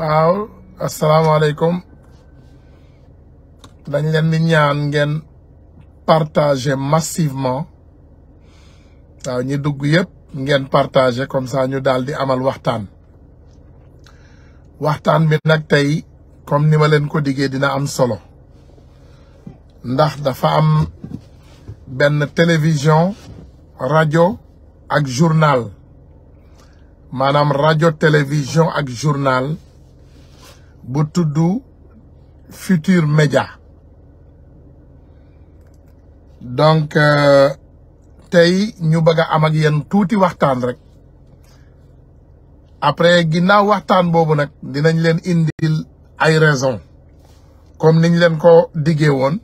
waaw asalaamaaleykum dañ leen di ñaan ngeen partager massivement waaw ñi dugg yëpp ngeen partager comme ça ñu daal di amal waxtaan waxtaan bi nag tey comme ni ma leen ko diggee dina am solo ndax dafa am benn télévision rajo ak journal maanaam rajo télévision ak journal bu tudd Futur Média donc euh, tey ñu bëgg a am ak tuuti waxtaan rek après ginnaaw waxtaan boobu nag dinañ leen indil ay raison comme niñ leen ko diggee woon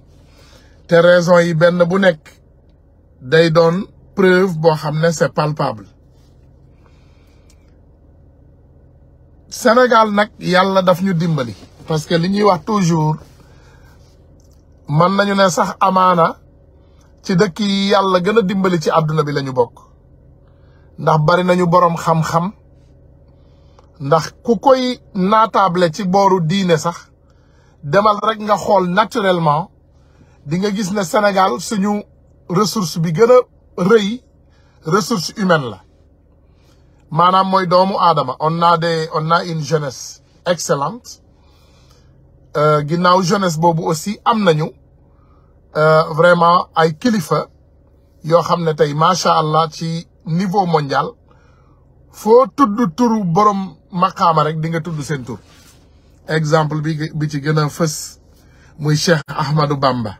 te raison yi benn bu nekk day doon preuve boo xam ne c'est palpable Sénégal nag yàlla daf ñu dimbali parce que li ñuy wax toujours mën nañu ne sax amaana ci dëkk yi yàlla gën a dimbali ci àdduna bi lañu bokk ndax bari nañu boroom xam-xam ndax ku koy naataable ci booru diine sax demal rek nga xool naturellement di nga gis ne Sénégal suñu ressource bi gën a rëy ressource humaine la maanaam mooy doomu aadama on a des on a une jeunesse excellente euh, ginnaaw jeunesse boobu aussi am nañu euh, vraiment ay kilifa yoo xam ne tey macha allah ci niveau mondiale foo tudd turu borom maqaama rek di nga tudd seen tur exemple bi bi ci gën a fës muy Cheikh Ahmadou Bamba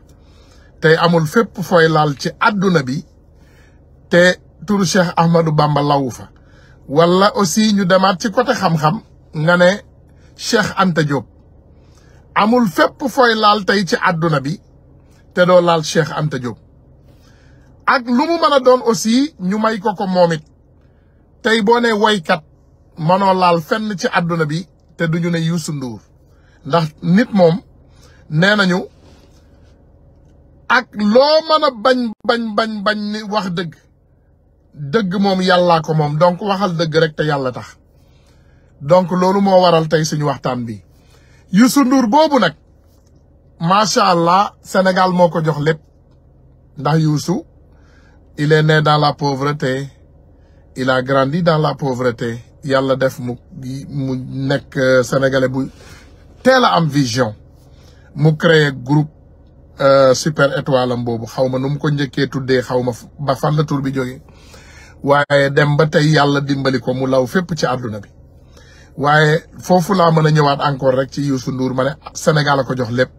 tey amul fépp fooy laal ci adduna bi te turu Cheikh Ahmadou Bamba lawu fa wala aussi ñu demaat ci côté xam-xam nga ne Cheikh Anta Diop amul fépp fooy laal tey ci àdduna bi te doo laal Cheikh Anta Diop ak lu mu mën a doon aussi ñu may ko ko moomit tey boo ne woykat mënoo laal fenn ci àdduna bi te duñu ne yuusu Ndour ndax nit moom nee nañu ak loo mën a bañ bañ bañ bañ ni wax dëgg dëgg moom yàllaa ko moom donc waxal dëgg rek te yàlla tax donc loolu moo waral tey suñu waxtaan bi Youssou Ndour boobu nag macha allah Sénégal moo ko jox lépp ndax Youssou il est né dans la pauvreté il a grandi dans la pauvreté yàlla def mu mu nekk sénégalais bu teel a am vision mu créer groupe euh, super étoile am boobu xaw ma nu mu ko njëkkee tuddee xaw ma ba fan la tur bi jóge waaye dem ba tey yàlla dimbali ko mu law fépp ci àdduna bi waaye foofu laa mën a ñëwaat encore rek ci Youssou Ndour ma ne Sénégal a ko jox lépp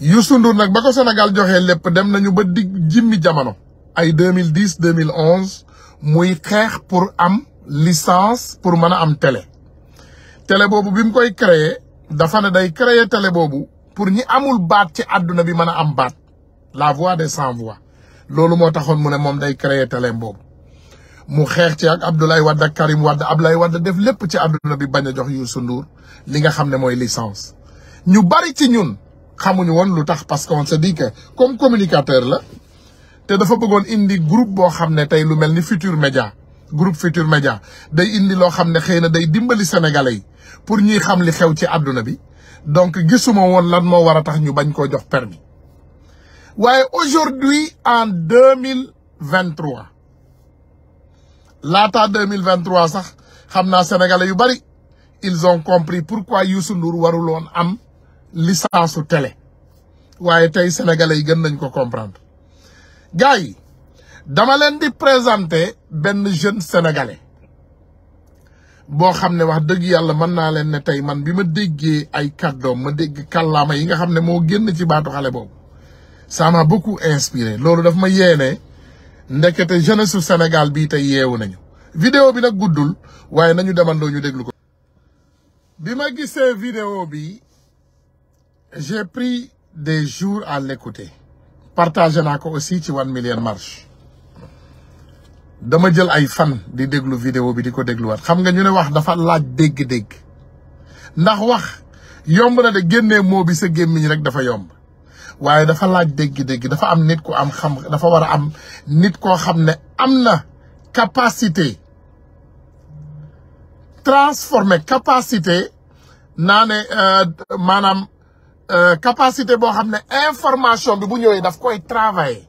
Youssou Ndour nag ba ko Sénégal joxee lépp dem nañu ba digg jimmi jamono ay 2010 2011 muy xeex pour am licence pour mën a am télé tele boobu bi mu koy créer dafa ne day créer télé boobu pour ñi amul baat ci àdduna bi mën a am baat la voix de sans voix loolu moo taxoon mu ne moom day créer teleem boobu mu xeex ci ak Abdoulaye Wade ak Karim Wade Abdoulaye Wade def lépp ci àdduna bi bañ a jox Youssou Ndour li nga xam ne mooy licence ñu bari ci ñun xamuñu woon lu tax parce que on se dit que comme communicateur la te dafa bëggoon indi groupe boo xam ne tey lu mel ni Futur Média groupe Futur Média day indi loo xam ne xëy na day dimbali sénégalais yi pour ñuy xam li xew ci àdduna bi donc gisuma woon lan moo war a tax ñu bañ koo jox permis waaye aujourd'hui en deux mille vingt trois laataa deux mille vingt sax xam naa sénégalais yu bari ils ont compris pourquoi Youssou Ndour waruloon am licence su télé waaye tey sénégalais yi gën nañ ko comprendre gars yi dama leen di présenter benn jeune sénégalais boo xam ne wax dëgg yàlla mën naa leen ne tey man bi ma déggee ay kàddoom ma dégg kàllaama yi nga xam ne moo génn ci baatu xale boobu ça m'a beaucoup inspiré loolu dafa ma yéene ndekete jeunesse su Sénégal bii tey yeewu nañu. vidéo bi nag guddul waaye nañu demandoo ñu déglu ko. bi ma gisee vidéo bi j'ai pris des jours à l'écouter partagé naa ko aussi ci One Million March dama jël ay fan di déglu vidéo bi di ko dégluwaat xam nga ñu ne wax dafa laaj dégg-dégg ndax wax yomb na de génnee moo bi sa gémmiñ rek dafa yomb waaye dafa laaj dégg-dégg dafa am nit ku am xam dafa war a am nit koo xam ne am na capacité transformer capacité naa ne euh, maanaam euh, capacité boo xam ne information bi bu ñëwee daf koy travailler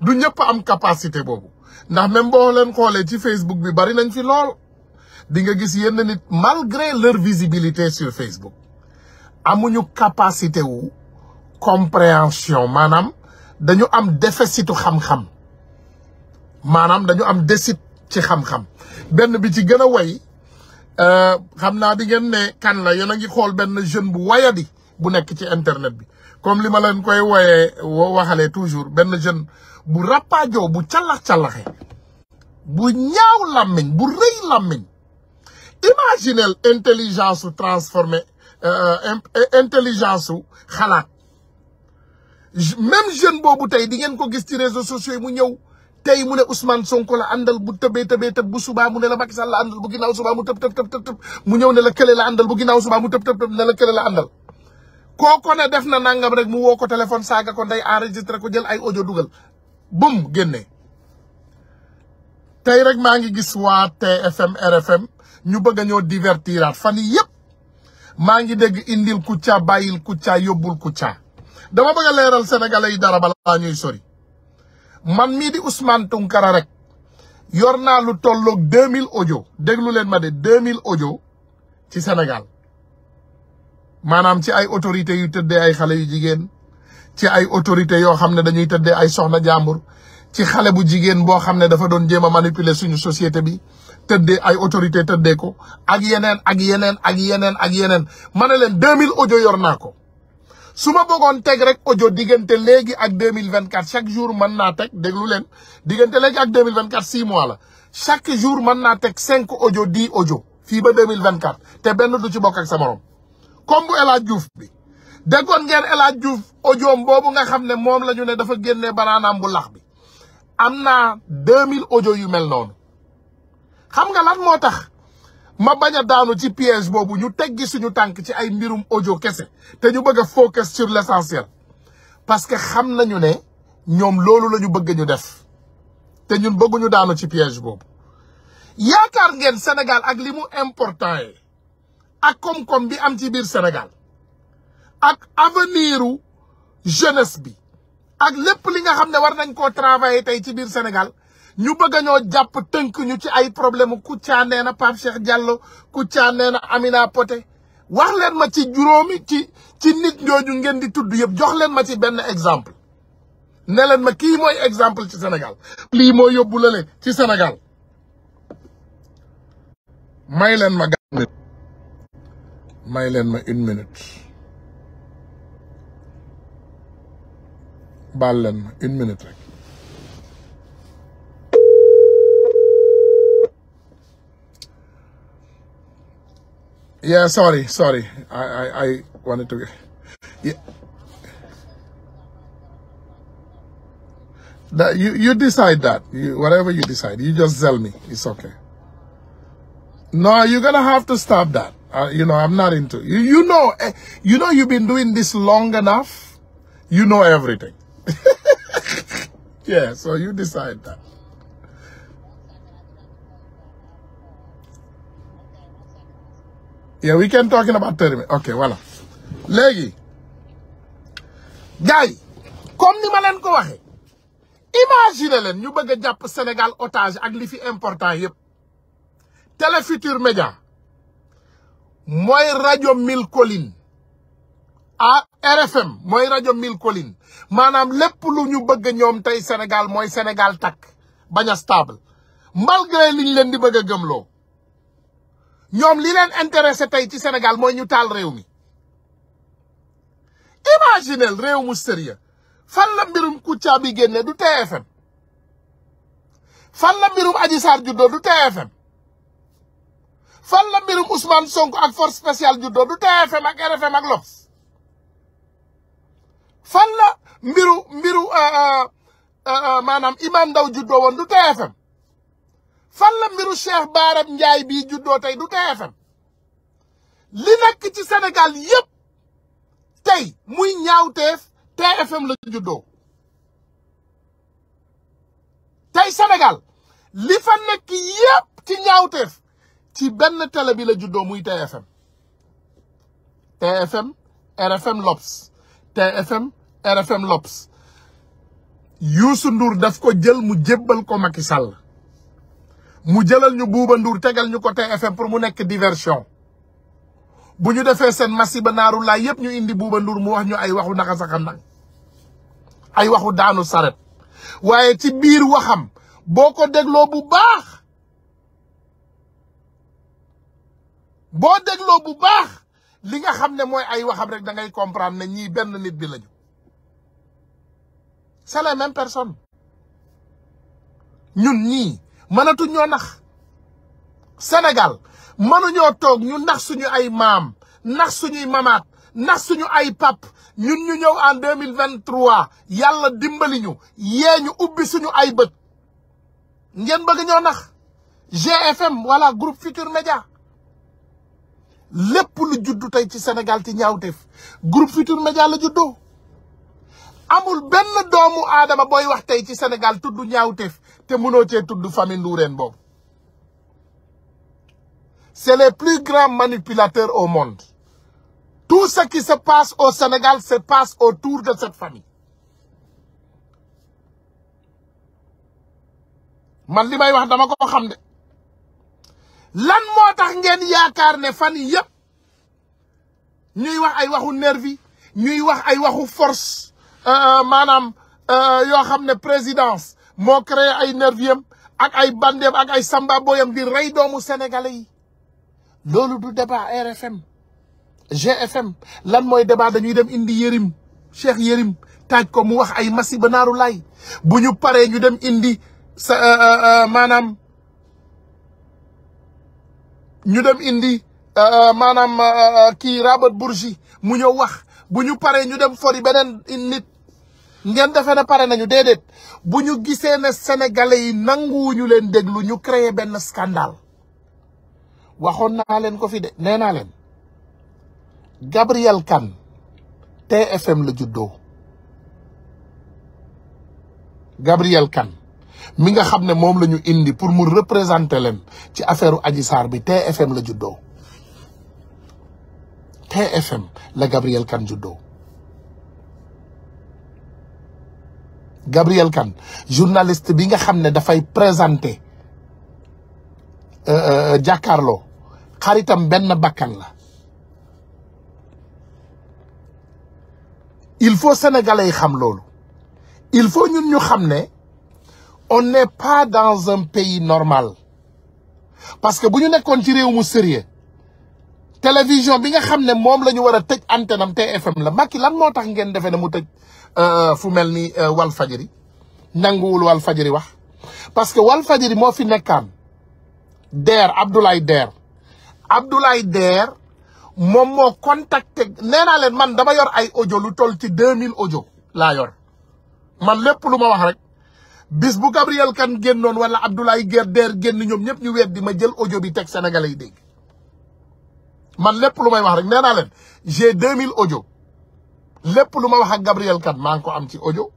du ñëpp am capacité boobu ndax même boo leen xoolee ci Facebook bi bari nañ fi lool di nga gis yenn nit malgré leur visibilité sur Facebook amuñu capacité wu compréhension maanaam dañu am déficitu xamxam xam maanaam dañu am déficit ci xamxam benn bi ci gën a way euh, xam naa di ngeen ne kan la yéen a ngi xool benn jeune bu wayadi bu nekk ci internet bi comme li ma leen koy wooyee waxalee toujours benn jeune bu rappaajoo bu callax-callaxe bu ñaaw làmmiñ bu rëy làmmiñ imaginel euh, euh, intelligence su transformé intelligence su xalaat même jeune boobu tey di ngeen ko gis ci réseaux sociaux mu ñëw tey mu ne Ousmane Sonko la àndal bu tëbee tëbee tëb bu subaa mu ne la Macky Sall la àndal bu ginnaaw subaa mu tëb tëb tëb tëb mu ñëw ne la kële la àndal bu ginnaaw subaa mu tëb tëb tëb ne la kële la àndal kooko ne def na nangam rek mu woo ko téléphone saaga ko nday enregistré ko jël ay audio dugal bum génne tey rek maa ngi gis waa TFM RFM ñu bëgg a ñoo divertiraat fan yëpp maa ngi dégg indil Kouthia bàyyil Kouthia yóbbul Kouthia dama bëgg leeral sénégalais yi dara balaa ñuy sori man mii di Ousmane Tounkara rek yor naa lu tolloog 2000 audio déglu leen ma de 2000 audio ci Sénégal maanaam ci ay autorités yu tëddee ay xale yu jigéen ci ay autorités yoo xam ne dañuy tëddee ay soxna jàmbur ci xale bu jigéen boo xam ne dafa doon jéem a manipuler suñu société bi tëddee ay autorité tëddee ko ak yeneen ak yeneen ak yeneen ak yeneen ma ne leen 2000 audio yor naa ko. su ma bëggoon teg rek audio diggante léegi ak deux mille vingt quatre chaque jour mën naa teg déglu leen diggante léegi ak deux mille vingt quatre six mois la chaque jour mën naa teg cinq audio dix audio fii ba deux mille vingt quatre te benn du ci bokk ak sa morom comme bu El Hadj Diouf bi déggoon ngeen El Hadj Diouf audioom boobu nga xam ne moom la ñu ne dafa génnee banaanaam bu lax bi am na deux mille audio yu mel noonu xam nga lan moo tax. ma bañ a daanu ci piège boobu ñu teggi suñu tànk ci ay mbirum audio kese te ñu bëgg a focus sur l'essentiel parce que xam nañu ne ñoom loolu lañu ñu bëgg ñu def te ñun bëgguñu daanu ci piège boobu yaakaar ngeen Sénégal ak li mu important yi ak koom bi am ci biir Sénégal ak aveniru jeunesse bi ak lépp li nga xam ne war nañ koo travailler tey ci biir Sénégal ñu bëgg ñoo jàpp tënk ñu ci ay problème Kouthia nee na Pape Cheikh Diallo Kouthia nee na Amina Poté wax leen ma ci juróomi ci ci nit ñooñu ngeen di tudd yëpp jox leen ma ci benn exemple ne leen ma kii mooy exemple ci senegal lii mooy yóbbu lale ci senegal may leen ma gàllankoor may leen ma une minute baal leen ma une minute rek. Yeah, sorry, sorry. I, I, I wanted to. Yeah. That you, you decide that. whatever you decide, you just tell me. It's okay. No, you're gonna have to stop that. Uh, you know, I'm not into You know, eh, you know, you've been doing this long enough. You know everything. yeah, so you decide that. Yeah, we can talking about 30 minutes. Okay, voilà. léegi gars yi comme ni ma ko waxee imagine leen ñu bëgg a jàpp Sénégal otage ak li fi important yëpp Télé Futurs Médias mooy rajo Mille Collines ah RFM mooy rajo mil Collines maanaam lépp lu ñu bëgg ñoom tey Sénégal mooy Sénégal takk bañ a stable malgré liñ leen di bëgg a gëmloo ñoom li leen intéressé tey ci Sénégal mooy ñu taal réew mi imaginel réew mu sérieux fan mbirum Kouthia bi génne du TFM fan la mbirum Adji Sarr du TFM fan la mbirum Ousmane Sonko ak force spéciale juddoo du TFM ak RFM ak LOPS fan la mbiru mbiru euh, euh, euh, maanaam Imam Ndaw juddoo woon du TFM fan la mbiru Cheikh Baarab Njaay bii juddoo tey du TFM li nekk ci senegal yépp tey muy ñaawteef TFM la juddoo tey senegal li fa nekk yépp ci ñaawteef ci benn télé bi la juddoo muy TFM TFM RFM L'Obs TFM RFM L'Obs Youssou daf ko jël mu jébbal ko Macky Sall mu jëlal ñu Bouba Ndour tegal ñu ko TFM pour mu nekk diversion bu ñu defee seen masiba naaru laay yëpp ñu indi Bouba Ndour mu wax ñu ay waxu naka sax nag ay waxu daanu saret waaye ci biir waxam boo ko dégloo bu baax boo dégloo bu baax li nga xam ne mooy ay waxam rek da ngay comprendre ne ñii benn nit bi lañu c'est la personne ñun ñii mënatuñ ñoo nax Sénégal mënuñoo toog ñu nax suñu ay maam nax suñuy mamaat nax suñu ay pap ñun ñu ñëw en deux mille vingt trois yàlla dimbali ñu yee ñu ubbi suñu ay bët ngeen bëgg ñoo nax GFM wala groupe Futur Média lépp lu juddu tey ci Sénégal ci ñaawteef groupe Futur Média la juddoo amul benn doomu aadama booy wax tey ci Sénégal tudd ñaawteef te mënoo cee tudd famille Ndourène boobu c'est les plus grands manipulateurs au monde tout ce qui se passe au Sénégal se passe tour de cette famille man li may wax dama ko xam de lan moo tax ngeen yaakaar ne fan yii yëpp ñuy wax ay waxu nervi ñuy wax ay waxu force euh, euh, maanaam euh, yoo xam ne présidence moo créé ay nerviam ak ay bandeem ak ay samba booyam di rey doomu sénégalais yi loolu du débat RFM GFM lan mooy débat dañuy dem indi Yérim Cheikh Yérim taaj ko mu wax ay masi ba naaru laay bu ñu paree ñu dem indi sa euh, euh, euh, maanaam ñu dem indi maanaam kii Robert Bourgi mu ñëw wax bu ñu paree ñu dem fori beneen nit ngeen defee ne pare nañu déedéet bu ñu gisee ne senegale yi nanguwuñu leen déglu ñu créer benn scandale waxoon naa leen ko fi de nee naa leen Gabriel kan TFM la juddoo Gabriel kan mi nga xam ne moom la ñu indi pour mu représenter leen ci affaire aji saar bi TFM la juddoo TFM la Gabriel kan juddoo Gabriel Kane journaliste bi nga xam ne dafay présenté euh, euh, jàkkaarloo xaritam benn bakkan la il faut sénégalais yi xam loolu il faut ñun ñu xam ne on n'est pas dans un pays normal parce que bu ñu nekkoon ci réew mu sérieux télévision bi nga xam ne moom la ñu war a tëj antenne am TFM la Macky lan moo tax ngeen defee ne mu tëj Euh, fu mel ni euh, wal fajiri nanguwul wal fajiri wax parce que wal fajiri moo fi nekkaan Der Abdoulaye Der Abdoulaye Der moom moo contacté nee naa leen man dama yor ay audio lu toll ci 2000 audio laa yor man lépp lu ma wax rek bis bu Gabriel Kane génnoon wala Abdoulaye Guer Der génn ñoom ñëpp ñu weddi ma jël audio bi teg Sénégalais yi dégg man lépp lu may wax rek nee naa leen j'ai 2000 lépp lu ma wax ak Gabriel Kane maa ngi ko am ci ojo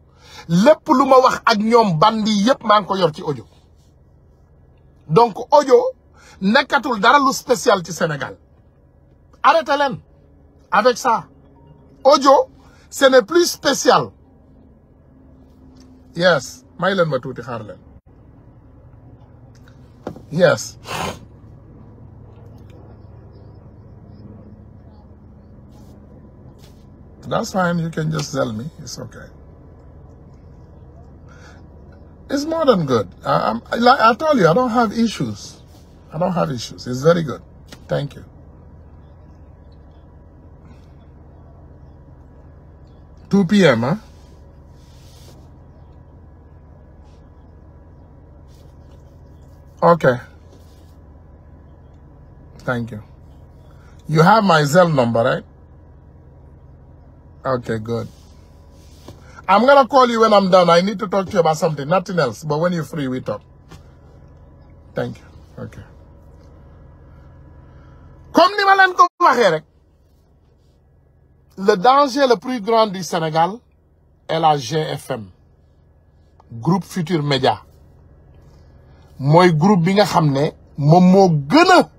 lépp lu ma wax ak ñoom bandi yépp maa ngi ko yor ci audio donc ojo nekkatul dara lu spécial ci Sénégal arrêté leen avec ça audio ce n'est plus spécial yes may leen ma tuuti xaar leen yes That's fine. You can just sell me. It's okay. It's more than good. I, told you, I don't have issues. It's very good. Thank you. Two p.m. Huh? Okay. Thank you. You have my Zelle number, Okay, good. I'm going to call you when I'm done. I need to talk to about something, nothing else. But when you're free, we talk. Comme ni ma leen ko waxee rek. Le danger le plus grand du Sénégal est la GFM. Groupe Futur Média. mooy groupe bi nga xam ne moom moo gën a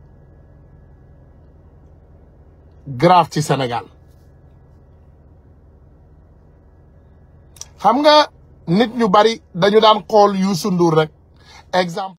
grave ci Sénégal. xam nga nit ñu bari dañu daan xool Youssou Ndour rek exemple